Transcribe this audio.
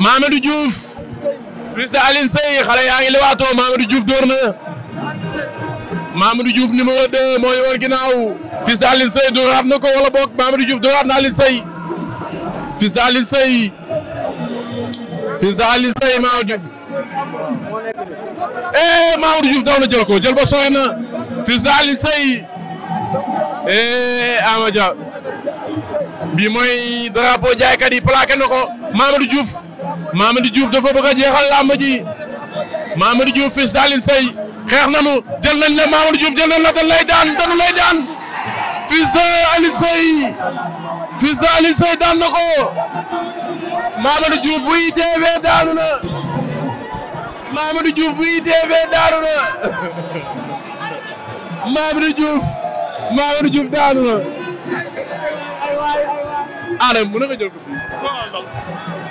Mamadou Diouf fils de Aline Seye xale yaa ngi lewaatoo Mamadou Diouf door na Mamadou Diouf numéro 2 mooy woon ginnaaw fils de Aline Seye dooraat na ko wala boog Mamadou Diouf dooraat na Aline Seye fils de Aline Seye fils de Aline Seye Mamadou Diouf eh Mamadou Diouf daw na jël ko jël ba sooy na fils de Aline Seye eh Ama Dia bi mooy drapeau jaaykat yi plaqué na ko Mamadou Diouf Mamadou Diouf dafa bëgg a jeexal làmb ji Mamadou Diouf fils d'Aline Seye xeex nañu jël nañ lay daan dañu lay daan fils d'Aline Seye fils daan na ko Mamadou Diouf bu ITV daanu na Mamadou Diouf bu ITV daanu na Mamadou Diouf Mamadou Diouf daanu na arène bu ne nga jël ko fii.